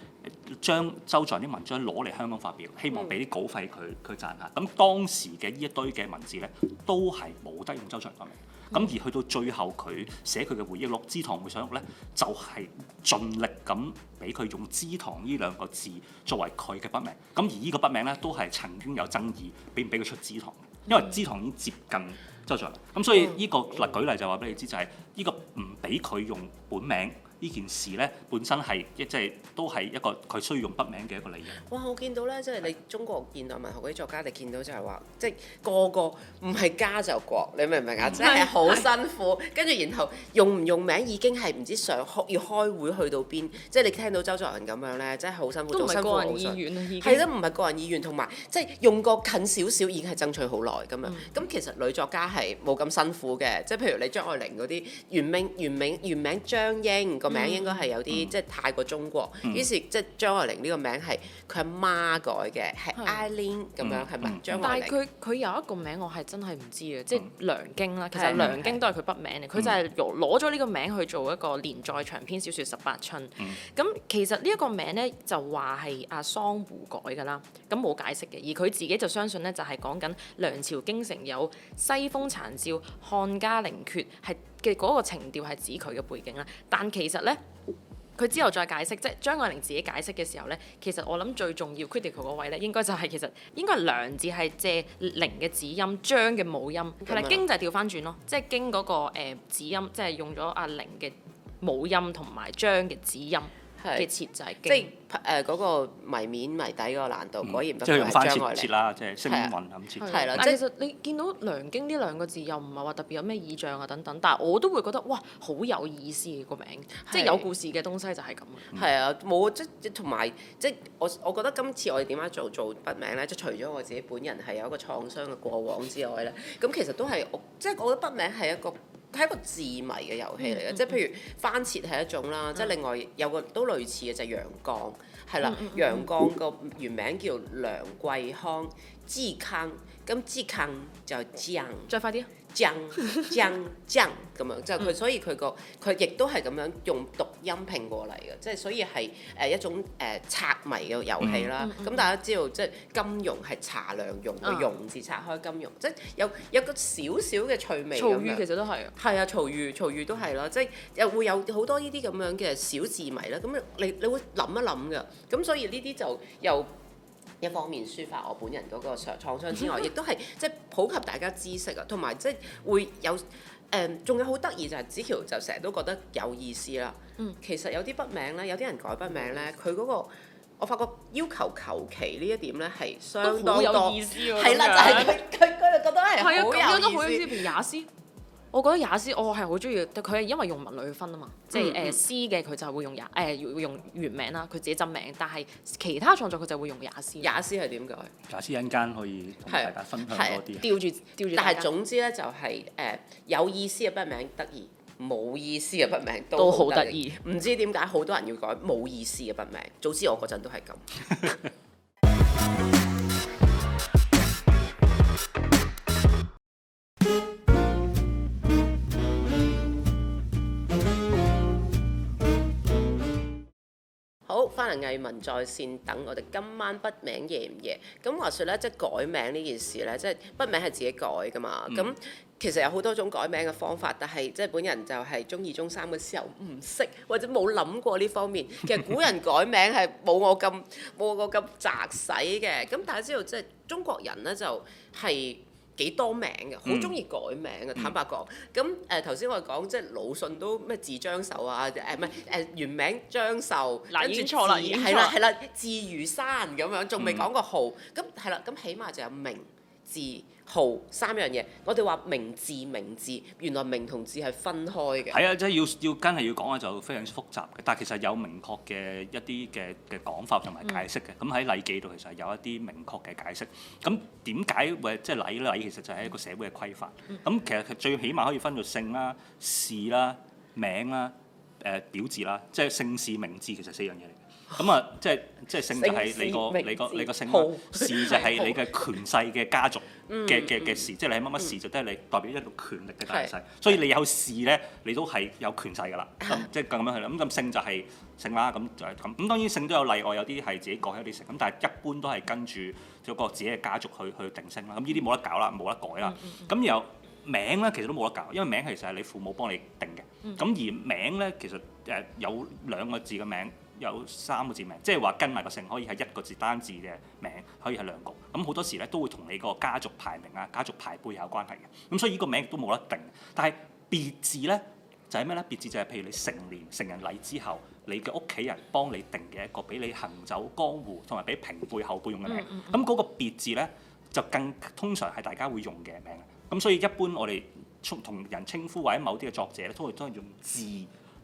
將周作人啲文章攞嚟香港發表，希望俾啲稿費佢佢賺下。咁當時嘅呢一堆嘅文字咧，都係冇得用周作人個名。咁、嗯、而去到最後，佢寫佢嘅回憶錄《知堂回想錄》咧，就係、是、盡力咁俾佢用知堂呢兩個字作為佢嘅筆名。咁而呢個筆名咧，都係曾經有爭議，俾唔俾佢出知堂？因為知堂已經接近周作人，咁所以呢個例舉例就話俾你知，就係、是、呢個唔俾佢用本名。呢件事咧本身係一即係都係一個佢需要用筆名嘅一個理由。哇！我見到咧，即係你中國現代文學嗰啲作家，是你見到就係話，即係個個唔係家就國，你明唔明啊？即係好辛苦，跟住是然後用唔用名已經係唔知想開要開會去到邊，即係你聽到周作人咁樣咧，真係好辛苦，都唔係個人意願啊，係咯經，唔係個人意願，同埋即係用過近少少已經係爭取好耐咁啊。咁、嗯嗯、其實女作家係冇咁辛苦嘅，即係譬如你張愛玲嗰啲原名原名原名張瑛。名、嗯、應該係有啲、嗯、即係太過中國，嗯、於是即係張愛玲呢個名係佢阿媽改嘅，係 Aling 咁樣係咪？張愛玲，但係佢佢有一個名我係真係唔知嘅，即係、嗯、梁京啦。其實梁京都係佢筆名嚟，佢是就係攞攞咗呢個名去做一個連載長篇小説《十八春》，嗯。咁其實呢一個名咧就話係阿桑湖改㗎啦，咁冇解釋嘅。而佢自己就相信咧，就係講緊梁朝京城有西風殘照，漢家陵闕係嘅嗰個情調係指佢嘅背景啦，但其實呢，佢之後再解釋，即係張愛玲自己解釋嘅時候呢，其實我諗最重要，critical 嗰位呢，應該就係、是、其實應該係梁字係借零嘅子音，張嘅母音，係啦，經就係調翻轉咯，即係經嗰、那個、呃、子音，即係用咗阿玲嘅母音同埋張嘅子音。嘅設計，即係誒嗰個謎面謎底嗰個難度，可以唔同埋張愛玲啦，即係星雲咁切。係啦，但係其實你見到梁經呢兩個字又唔係話特別有咩意象啊等等，但係我都會覺得哇，好有意思個名，的即係有故事嘅東西就係咁。係啊的，冇、嗯、即即同埋即我我覺得今次我哋點樣做做筆名咧，即係除咗我自己本人係有一個創傷嘅過往之外咧，咁其實都係我即、就是、我覺得筆名係一個。佢係一個字謎嘅遊戲嚟嘅，即係譬如反切係一種啦，嗯、即係另外有個都類似嘅就係、是、陽光，係啦，陽、嗯、光個原名叫梁桂康芝坑，咁芝坑就正，再快啲啊！爭爭爭咁樣，即係佢，所以佢個佢亦都係咁樣用讀音拼過嚟嘅，即係所以係誒、呃、一種誒、呃、拆謎嘅遊戲啦。咁大家知道，即係金庸係查良鏞，個鏞字拆開金庸，即係有有個少少嘅趣味咁樣。曹禺其實都係啊，係啊，曹禺曹禺都係啦，嗯、即係又會有好多呢啲咁樣嘅小字謎啦。咁你你，你會諗一諗㗎，咁所以呢啲就又。一方面抒發我本人嗰個創創傷之外，亦都係即係普及大家知識啊，同埋即係會有誒，仲、呃、有好得意就係紫翹就成日都覺得有意思啦。嗯，其實有啲筆名咧，有啲人改筆名咧，佢嗰、嗯嗰個我發覺要求求其呢一點咧係相當有意思、就係、有意思。係啦、 啊，就係佢佢佢又覺得係係啊咁樣都好有意思，譬如也斯。我覺得也斯，我係好鍾意，佢係因為用文類去分啊嘛，即係誒詩嘅佢就係會用雅誒用用原名啦，佢自己真名，但係其他創作佢就會用也斯。也斯係點改？也斯間間可以同大家分享多啲。吊住吊住。但係總之咧，著就係、是、誒、呃、有意思嘅筆名得意，冇意思嘅筆名都好得意。唔知點解好多人要改冇意思嘅筆名，早知我嗰陣都係咁。 藝文在線等，我哋今晚筆名夜唔夜？咁話説咧，即係改名呢件事咧，即係筆名係自己改㗎嘛。咁、嗯、其實有好多種改名嘅方法，但係即係本人就係中二、中三嘅時候唔識或者冇諗過呢方面。其實古人改名係冇我咁冇 我咁擇使嘅。咁大家知道，即係中國人咧就係、是。幾多名嘅，好中意改名嘅。坦白講，咁誒頭先我講即係魯迅都咩字張壽啊，誒唔係，誒原名張壽，諗住 錯啦，係啦係啦，字如山咁樣，仲未講個號，咁係啦，咁起碼就有名字號三樣嘢，我哋話名字名字，原來名同字係分開嘅。係啊，即係要要真係要講嘅就非常之複雜嘅，但係其實有明確嘅一啲嘅嘅講法同埋解釋嘅。咁喺禮記度其實係有一啲明確嘅解釋。咁點解？喂，即係禮禮其實就係一個社會嘅規範。咁、嗯、其實最起碼可以分做姓啦、氏啦、名啦、誒、呃、表字啦，即係姓氏名字其實四樣嘢嚟嘅。咁啊、嗯，即係即係姓就係你個你個你個姓氏的字就係你嘅權勢嘅家族嘅嘅嘅氏，嗯嗯、即係你乜乜氏就都係你代表一個權力嘅大細、嗯。所以你有氏咧，嗯、你都係有權勢噶啦。咁即係咁樣去啦。咁咁姓就係姓啦，咁就係咁。咁當然姓都有例外，有啲係自己改一啲姓。咁但係一般都係跟住就個自己嘅家族去去定姓啦。咁呢啲冇得搞啦，冇得改啦。咁、嗯、然後名咧其實都冇得搞，因為名其實係你父母幫你定嘅。咁、嗯、而名咧其實誒有兩個字嘅名。有三個字名，即係話跟埋個姓，可以係一個字單字嘅名，可以係兩個。咁好多時咧都會同你個家族排名啊、家族排輩有關係嘅。咁所以呢個名亦都冇得定。但係別字咧就係咩咧？別字就係譬如你成年成人禮之後，你嘅屋企人幫你定嘅一個俾你行走江湖同埋俾平輩後輩用嘅名。咁、那、嗰個別字咧就更通常係大家會用嘅名。咁所以一般我哋出同人稱呼或者某啲嘅作者咧，都會都係用字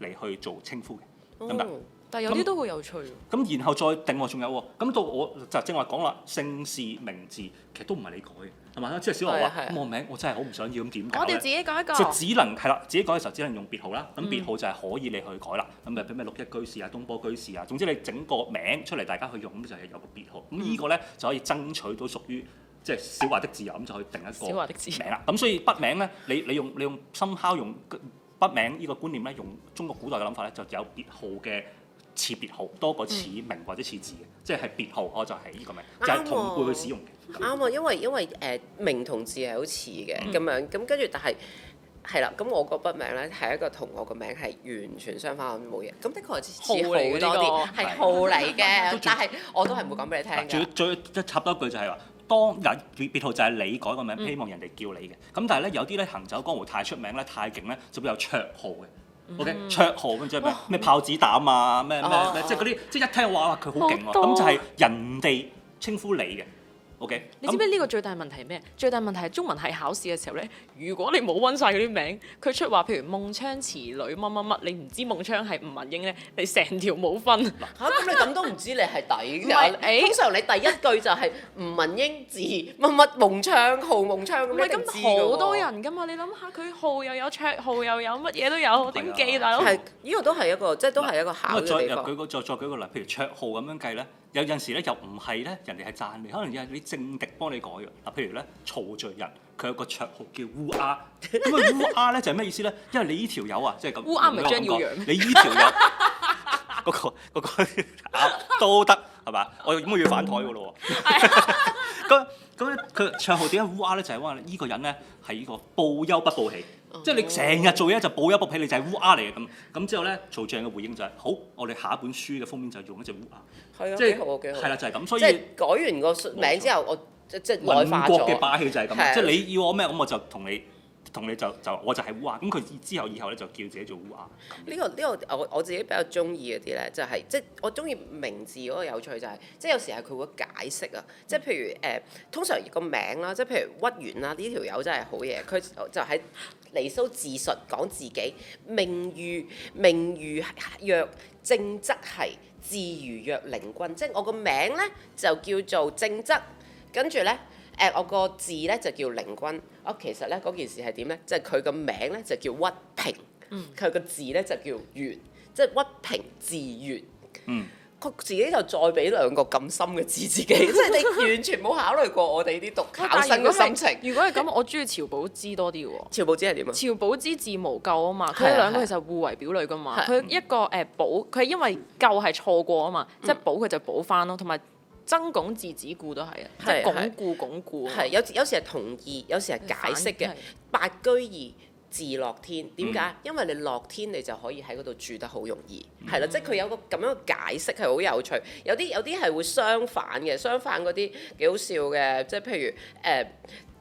嚟去做稱呼嘅，得唔得？行有啲都會有趣喎。咁然後再定喎，仲有喎。咁到我就正話講啦，姓氏名字其實都唔係你改嘅，係咪？即係小樺話我名，我真係好唔想要咁點改？我哋自己改一個。就只能係啦，自己改嘅時候只能用別號啦。咁別號就係可以你去改啦。咁咪咩六一居士啊、東坡居士啊，總之你整個名出嚟大家去用，咁就係有個別號。咁呢個咧就可以爭取到屬於即係、就是、小樺的自由，咁就去定一個小樺的字名啦。咁所以筆名咧，你你用你用深敲用，用筆名呢個觀念咧，用中國古代嘅諗法咧，就有別號嘅。似別號多過似名或者似字嘅，嗯、即係別號，我就係呢個名，對吧 就係同輩去使用嘅。啱啊，因為因為誒、呃、名同字係好似嘅咁樣，咁跟住但係係啦，咁我個筆名咧係一個同我個名係完全相反冇嘢，咁的確係似好多啲，係號嚟嘅，但係我都係唔會講俾你聽嘅、嗯。最最插多一句就係、是、話，當日別別號就係你改個名，嗯、希望人哋叫你嘅。咁但係咧，有啲咧行走江湖太出名咧，太勁咧，就會有綽號嘅。O.K. 綽號，咁即係咩咩炮子膽啊咩咩咩，即係嗰啲即係一聽哇哇佢好勁喎，咁就係人哋稱呼你嘅。Okay, 你知唔知呢個最大問題係咩？最大問題係中文喺考試嘅時候咧，如果你冇溫晒佢啲名，佢出話譬如夢窗詞女乜乜乜，你唔知夢窗係吳文英咧，你成條冇分。嚇！咁你咁都唔知你係抵嘅，通常你第一句就係吳文英字乜乜夢窗，號夢窗，咁係咁好多人噶嘛？你諗下佢號又有綽號又有乜嘢都有，點記啊？係呢個都係一個，即係都係一個考嘅地方。咁啊，再個再舉個例，譬如綽號咁樣計咧。有陣時咧又唔係咧，人哋係讚你，可能要係你政敵幫你改嘅。嗱，譬如咧曹聚仁，佢有個綽號叫烏鴉。咁 啊烏鴉咧就係咩意思咧？因為你呢條友啊，即係咁。烏鴉唔係張耀揚。你呢條友嗰個嗰、 嗰個、嗰個、 都得係嘛？我要我要反台㗎咯喎！咁咁佢綽號點解烏鴉咧？就係因為呢依個人咧係呢個報憂不報喜。即係你成日做嘢就薄一薄皮，你就係烏鴉嚟嘅咁。咁之後咧，曹象嘅回應就係、是：好，我哋下一本書嘅封面就用一隻烏鴉。係啊，即係，係啦，就係、是、咁。所以即改完個名之後，錯我即即係雲國嘅霸氣就係咁。即係的你要我咩？咁我就同你，同你就就我就係烏鴉。咁佢之後以後咧就叫自己做烏鴉。呢、這個呢、這個我我自己比較中意嗰啲咧，就係即係我中意名字嗰個有趣就係、是就是，即係有時係佢會解釋啊。即、就、係、是、譬如誒、呃，通常個名啦，即係譬如屈原啦，呢條友真係好嘢。佢就喺、是 尼蘇自述，講自己名，余名余曰正則兮，字余曰靈均，即係我個名咧就叫做正則，跟住咧誒我個字咧就叫靈均。我其實咧嗰件事係點咧？即係佢個名咧就叫屈平，佢個字咧就叫原，即係屈平字原。嗯我自己就再俾兩個咁深嘅字自己， 即係你完全冇考慮過我哋呢啲讀考生嘅心情。如果係咁， 我中意晁補之多啲喎。晁補之係點啊？晁補之字無咎啊嘛，佢是、啊、兩個其實互為表裏噶嘛。佢是、啊、一個誒補，佢、呃、因為咎係錯過啊嘛，是啊即係補佢就補翻咯。同埋曾鞏字子固都係是啊，即係鞏固鞏固。係，有有時係同意，有時係解釋嘅。白居易。字樂天點解？為、嗯、因為你樂天，你就可以喺嗰度住得好容易，係啦，嗯，即係佢有個咁樣嘅解釋係好有趣。有啲有啲係會相反嘅，相反嗰啲幾好笑嘅，即係譬如誒、呃、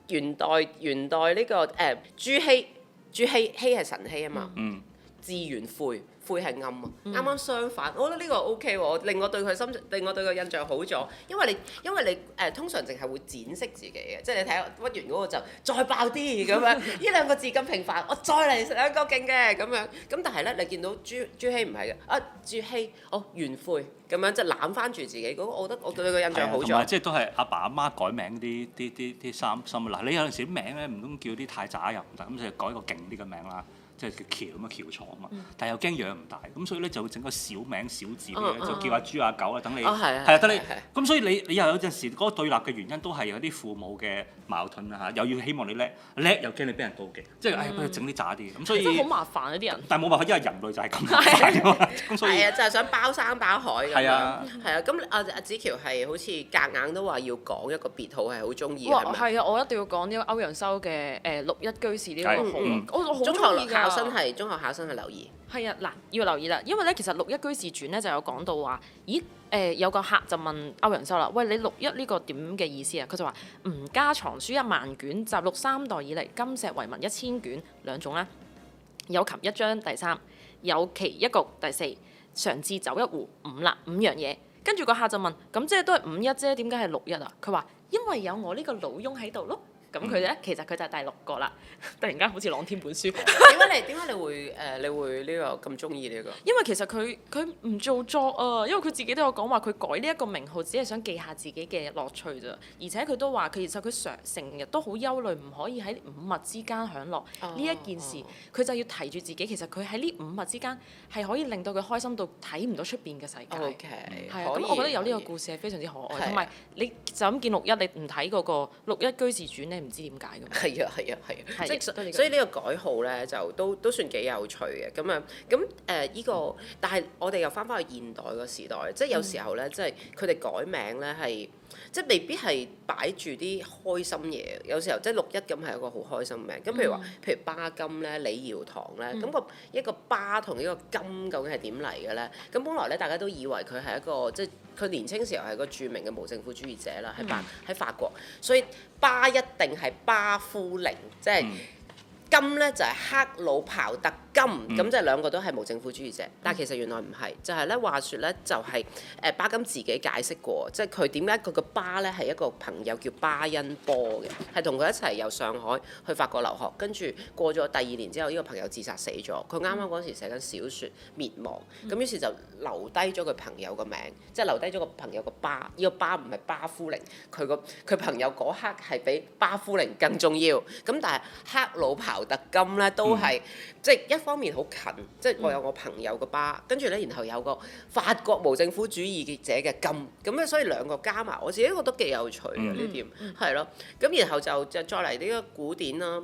元代元代呢、這個誒朱熹朱熹，熹係神熹啊嘛，嗯，字元晦。晦係暗啊，啱啱相反，我覺得呢個 O K 喎，令我對佢心，令我對佢印象好咗。因為你，因為你誒、呃、通常淨係會展示自己嘅，即係你睇屈原嗰個就再爆啲咁樣，呢兩個字咁平凡，我再嚟兩個勁嘅咁樣。咁但係咧，你見到朱朱熹唔係嘅啊，朱熹哦元晦咁樣就攬翻住自己。咁我覺得我對佢個印象好咗。即係、啊、都係阿爸阿媽改名啲啲啲啲三心。嗱，你有陣時名咧唔通叫啲太渣又唔得，咁就改個勁啲嘅名啦。就橋咁啊，橋廠啊嘛，但係又驚養唔大，咁所以咧就會整個小名小字就叫阿豬阿狗啊，等你係啊，等你。咁所以你你又有陣時嗰個對立嘅原因都係有啲父母嘅矛盾啊。嚇，又要希望你叻，叻又驚你俾人妒忌，即係哎不如整啲渣啲嘅。咁所以好麻煩啊啲人。但係冇辦法，因為人類就係咁樣。係啊，就係想包山包海咁係啊，係啊，咁阿阿子喬係好似夾硬都話要講一個別號係好中意嘅係啊，我一定要講呢個歐陽修嘅誒《六一居士》呢啲。好。真係中學考生係留意，係啊嗱，要留意啦，因為咧其實《六一居士傳》咧就有講到話，咦誒、呃、有個客就問歐陽修啦，喂，你六一呢個點嘅意思啊？佢就話吾家藏書一萬卷，集錄三代以嚟金石遺文一千卷，兩種啦，有琴一張第三，有棋一局第四，常置酒一壺五啦，五樣嘢。跟住個客就問：咁即係都係五一啫，點解係六一啊？佢話因為有我呢個老翁喺度咯。咁佢咧，嗯、其實佢就係第六個啦。突然間好似朗天本書，點解 你點解你會誒、呃？你會呢個咁中意呢個？這個、因為其實佢佢唔做作啊，因為佢自己都有講話，佢改呢一個名號，只係想記下自己嘅樂趣啫。而且佢都話，佢其實佢成日都好憂慮，唔可以喺五物之間享樂呢、哦、一件事，佢、哦、就要提住自己。其實佢喺呢五物之間係可以令到佢開心到睇唔到出邊嘅世界。係、哦 okay, 啊，咁我覺得有呢個故事係非常之可愛，同埋以你就咁見六一，你唔睇嗰個《六一居士傳》咧。唔知點解咁，係啊係啊係啊，即係的所以呢個改號咧，就都都算幾有趣嘅。咁啊咁誒，依、呃這個。但係我哋又翻翻去現代個時代，即係、嗯、有時候咧，即係佢哋改名咧係。即係未必係擺住啲開心嘢，有時候即係六一咁係一個好開心嘅嘢。咁譬如話，譬如巴金咧、李堯棠咧，咁個一個巴同一個金究竟係點嚟嘅咧？咁本來咧大家都以為佢係一個即係佢年青時候係個著名嘅無政府主義者啦，喺法喺法國，嗯、所以巴一定係巴枯寧，即、就、係、是。嗯金咧就係克魯泡特金，咁、嗯、即係兩個都係無政府主義者，嗯、但係其實原來唔係，就係、是、咧話說咧就係、是、誒、呃、巴金自己解釋過，即係佢點解佢個巴咧係一個朋友叫巴恩波嘅，係同佢一齊由上海去法國留學，跟住過咗第二年之後，呢、這個朋友自殺死咗，佢啱啱嗰時寫緊小説《滅亡》，嗯，咁於是就留低咗佢朋友個名，嗯、即係留低咗個朋友個巴、這個巴，呢個巴唔係巴夫寧，佢個佢朋友嗰刻係比巴夫寧更重要，咁但係克魯泡特金咧都係、嗯、即係一方面好近，嗯、即係我有我朋友嘅巴，跟住咧，然後有個法國無政府主義者嘅金，咁咧所以兩個加埋，我自己覺得幾有趣嘅呢、嗯、點，係咯。咁然後就就再嚟呢個古典啦，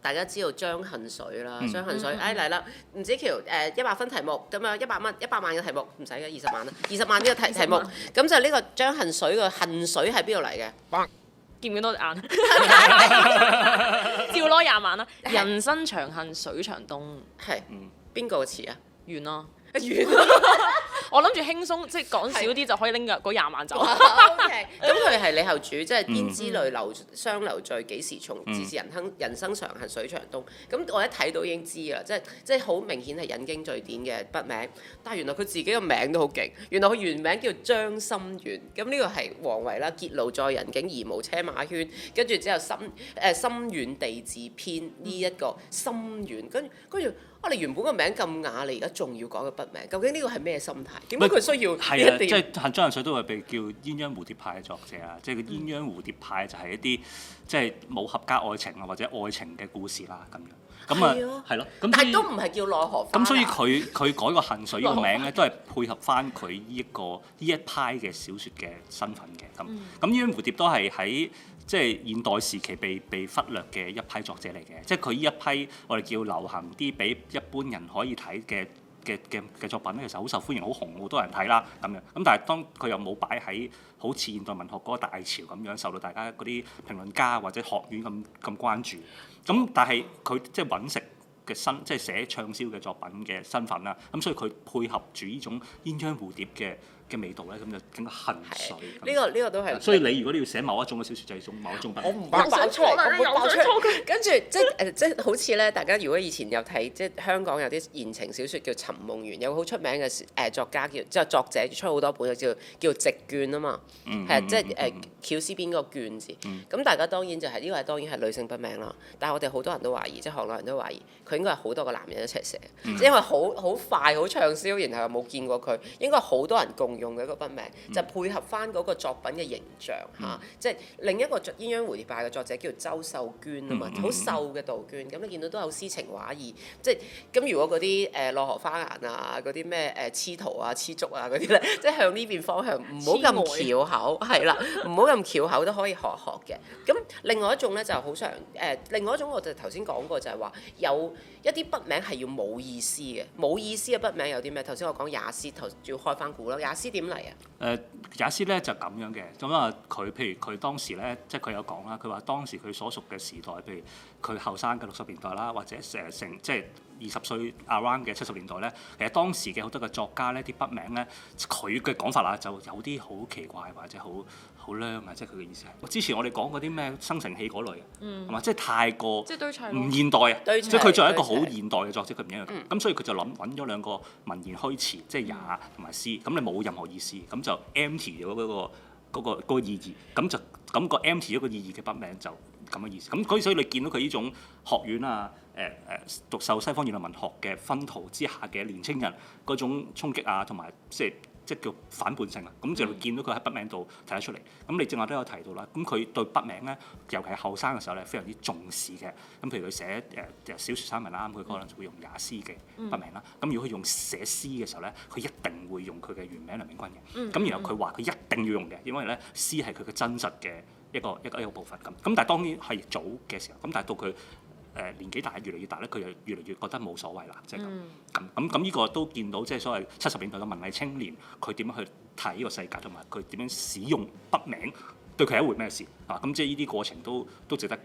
大家知道張恨水啦，張、嗯、恨水，嗯、哎嚟啦，吳子橋，誒一百分題目，咁啊一百蚊一百萬嘅題目唔使嘅，二十萬啦，二十萬呢個題題目，咁萬就呢個張恨水嘅恨水喺邊度嚟嘅？見唔見到隻眼？笑攞廿 萬啦、啊！是人生長恨水長東，係邊是、嗯、個詞啊？完咯、啊，完咯、啊。 我諗住輕鬆，即係講少啲就可以拎個廿萬走。咁佢係李後主，即係胭脂淚流相留醉，幾時重？自是人生，人生長恨水長東。咁我一睇到已經知啦，即係即係好明顯係引經據典嘅筆名。但係原來佢自己個名都好勁，原來佢原名叫張心遠。咁呢個係王維啦，結廬在人境而無車馬喧。跟住之後心誒心遠地自偏呢一個心遠，跟跟住我哋原本個名咁雅，你而家仲要改個筆名？究竟呢個係咩心態？點解佢需要？係啊，即係張恨水都會被叫鴛鴦蝴蝶派嘅作者啊！即係個鴛鴦蝴蝶派就係一啲即係冇合格愛情啊，或者愛情嘅故事啦，咁樣咁啊，係咯、啊。但係都唔係叫奈何花。咁所以佢佢、啊、改個恨水個名咧， 番都係配合翻佢呢一個呢一派嘅小説嘅身份嘅。咁咁鴛鴦蝴蝶都係喺即係現代時期被被忽略嘅一批作者嚟嘅。即係佢呢一批我哋叫流行啲，俾一般人可以睇嘅。嘅嘅嘅作品咧，其實好受歡迎、好紅、好多人睇啦，咁樣。咁但係當佢又冇擺喺好似現代文學嗰個大潮咁樣，受到大家嗰啲評論家或者學院咁咁關注。咁但係佢即係揾食嘅身，即係寫暢銷嘅作品嘅身份啦。咁所以佢配合住呢種鴛鴦蝴蝶嘅。嘅味道咧，咁就更加恨水。呢個呢個都係。所以你如果你要寫某一種嘅小説，就係一種某一種我唔會爆出嚟，爆出。跟住即係誒，即係好似咧，大家如果以前有睇，即係香港有啲言情小説叫《尋夢園》，有個好出名嘅誒作家叫即係作者出好多本，叫叫直卷啊嘛。嗯。係啊，即係誒巧思邊個卷字？嗯。咁大家當然就係呢個當然係女性筆名啦，但係我哋好多人都懷疑，即係學內人都懷疑，佢應該係好多個男人一齊寫，即係因為好好快好暢銷，然後又冇見過佢，應該好多人共。用嘅一個筆名，嗯、就配合翻嗰個作品嘅形象嚇、嗯啊，即係另一個作《鴛鴦蝴蝶派》嘅作者叫周秀娟啊、嗯、嘛，好瘦嘅杜鵑，咁、嗯嗯、你見到都有詩情畫意，即係咁。如果嗰啲誒落荷花顏啊，嗰啲咩誒黐桃啊、黐竹啊嗰啲咧，即係向呢邊方向，唔好咁翹口，係 啦，唔好咁翹口都可以學一學嘅。咁另外一種咧就好常誒、呃，另外一種我就頭先講過就係話有一啲筆名係要冇意思嘅，冇意思嘅筆名有啲咩？頭先我講也斯，頭要開翻古咯，也斯。點嚟啊？誒、呃，也斯咧就咁、是、樣嘅，咁啊，佢譬如佢當時咧，即係佢有講啦，佢話當時佢所屬嘅時代，譬如佢後生嘅六十年代啦，或者、呃、成成即係二十歲 around 嘅七十年代咧，其實當時嘅好多嘅作家呢，啲筆名咧，佢嘅講法啊，就有啲好奇怪或者好。好 lame 啊！即係佢嘅意思係，之前我哋講嗰啲咩生成器嗰類嘅，係嘛、嗯嗯？即係太過即係堆砌唔現代啊！即係佢作為一個好現代嘅作者，佢唔齊一樣咁，嗯、所以佢就諗揾咗兩個文言虛詞，即係也同埋斯，咁你冇任何意思，咁就 empty 咗嗰、那個嗰、那個那個、意義，咁就咁、那個 empty 咗個意義嘅筆名就咁嘅意思。咁所以你見到佢呢種學院啊，誒、呃、誒讀受西方現代文學嘅薰陶之下嘅年青人嗰種衝擊啊，同埋即係。即叫反叛性啦，咁就見到佢喺筆名度睇得出嚟。咁你正話都有提到啦，咁佢對筆名咧，尤其係後生嘅時候咧，非常之重視嘅。咁譬如佢寫誒誒、呃、小説散文啦，咁佢可能就會用也斯嘅筆名啦。咁如果佢用寫詩嘅時候咧，佢一定會用佢嘅原名梁秉鈞嘅。咁然後佢話佢一定要用嘅，因為咧詩係佢嘅真實嘅一,一,一個一個一個部分咁。咁但係當然係早嘅時候，咁但係到佢。誒年紀大越嚟越大咧，佢又越嚟越覺得冇所謂啦，即係咁咁咁咁，依、嗯嗯呢個都見到即係、就是、所謂七十年代嘅文藝青年，佢點樣去睇呢個世界同埋佢點樣使用筆名，對佢係一回事啊！咁、嗯、即係呢啲過程都都值得。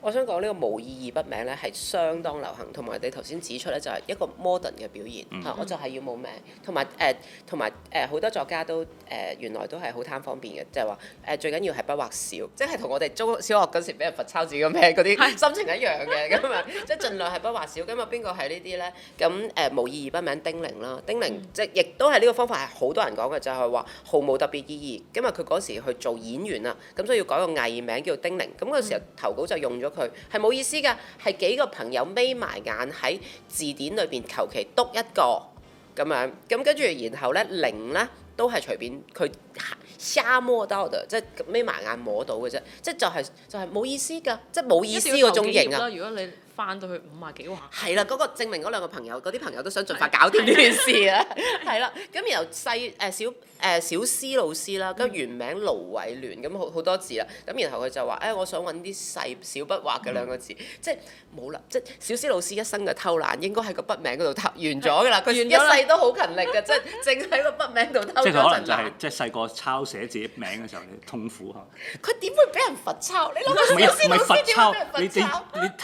我想講呢個無意義筆名咧係相當流行，同埋你頭先指出咧就係一個 modern 嘅表現嚇，嗯、哼我就係要冇名，同埋誒同埋誒好多作家都誒、呃、原來都係好貪方便嘅，就係話誒最緊要係筆畫少，即係同我哋中小學嗰時俾人罰抄名字咁拼嗰啲心情一樣嘅咁啊，即係儘量係筆畫少。咁啊邊個係呢啲咧？咁誒、呃、無意義筆名丁玲啦，丁玲、嗯、即係亦都係呢個方法係好多人講嘅，就係、是、話毫無特別意義。因為佢嗰時去做演員啊，咁所以要改個藝名叫丁玲。咁嗰時投稿就用咗佢，係冇意思噶，係幾個朋友眯埋眼喺字典裏邊求其篤一個咁樣，咁跟住然後咧零咧都係隨便佢瞎摸到嘅，即係眯埋眼摸到嘅啫，即係就係就係冇意思噶，即係冇意思嗰種型啊！翻到去五啊幾畫？係啦，嗰、那個證明嗰兩個朋友，嗰啲朋友都想盡快搞掂呢件事啊！係啦是的，咁 然後細誒小誒小思老師啦，咁、那個、原名盧偉聯，咁好好多字啦，咁然後佢就話：誒、哎，我想揾啲細小筆畫嘅兩個字，嗯、即係冇啦！即係小思老師一生嘅偷懶，應該喺個筆名嗰度偷完咗㗎啦。佢一世都好勤力嘅，即係淨喺個筆名度偷。即係可能就係、是、 即係細個抄寫自己名嘅時候你痛苦呵。佢點 會俾人罰抄？你攞個小思老師老師點樣罰抄？你你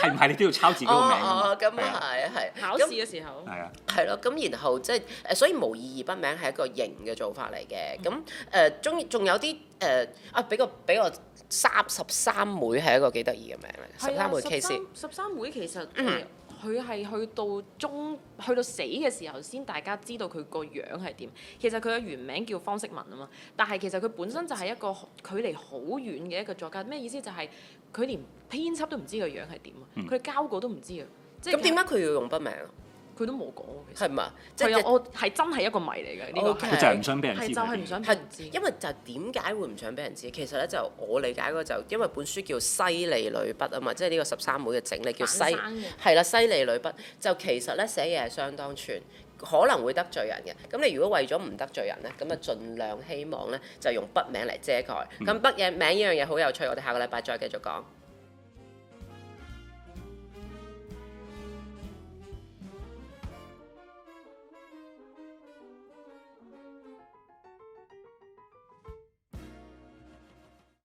係唔係你都要抄自己個名，咁啊係考試嘅時候係啊，係咯咁，然後即係誒，所以無意義筆名係一個型嘅做法嚟嘅。咁誒中仲有啲誒啊，比較比較三十三妹係一個幾得意嘅名嚟。十三妹 K 的十三妹其實嗯。佢係去到中，去到死嘅時候先大家知道佢個樣係點。其實佢嘅原名叫方式文啊嘛，但係其實佢本身就係一個距離好遠嘅一個作家。咩意思就係佢連編輯都唔知個樣係點、嗯、即係啊，佢交稿都唔知啊。咁點解佢要用筆名啊？佢都冇講喎，其實係嘛？係啊，我係真係一個謎嚟嘅呢個。佢 Okay. 就係唔想俾人知。係就係、是、唔想俾人知。因為就點解會唔想俾人知？其實咧就我理解嗰就因為本書叫《犀利女筆》啊嘛，即係呢個十三妹嘅整理叫《犀》，係啦《犀利女筆》就其實咧寫嘢係相當全，可能會得罪人嘅。咁你如果為咗唔得罪人咧，咁啊盡量希望咧就用筆名嚟遮蓋。咁筆嘢名呢樣嘢好有趣，我哋下個禮拜再繼續講。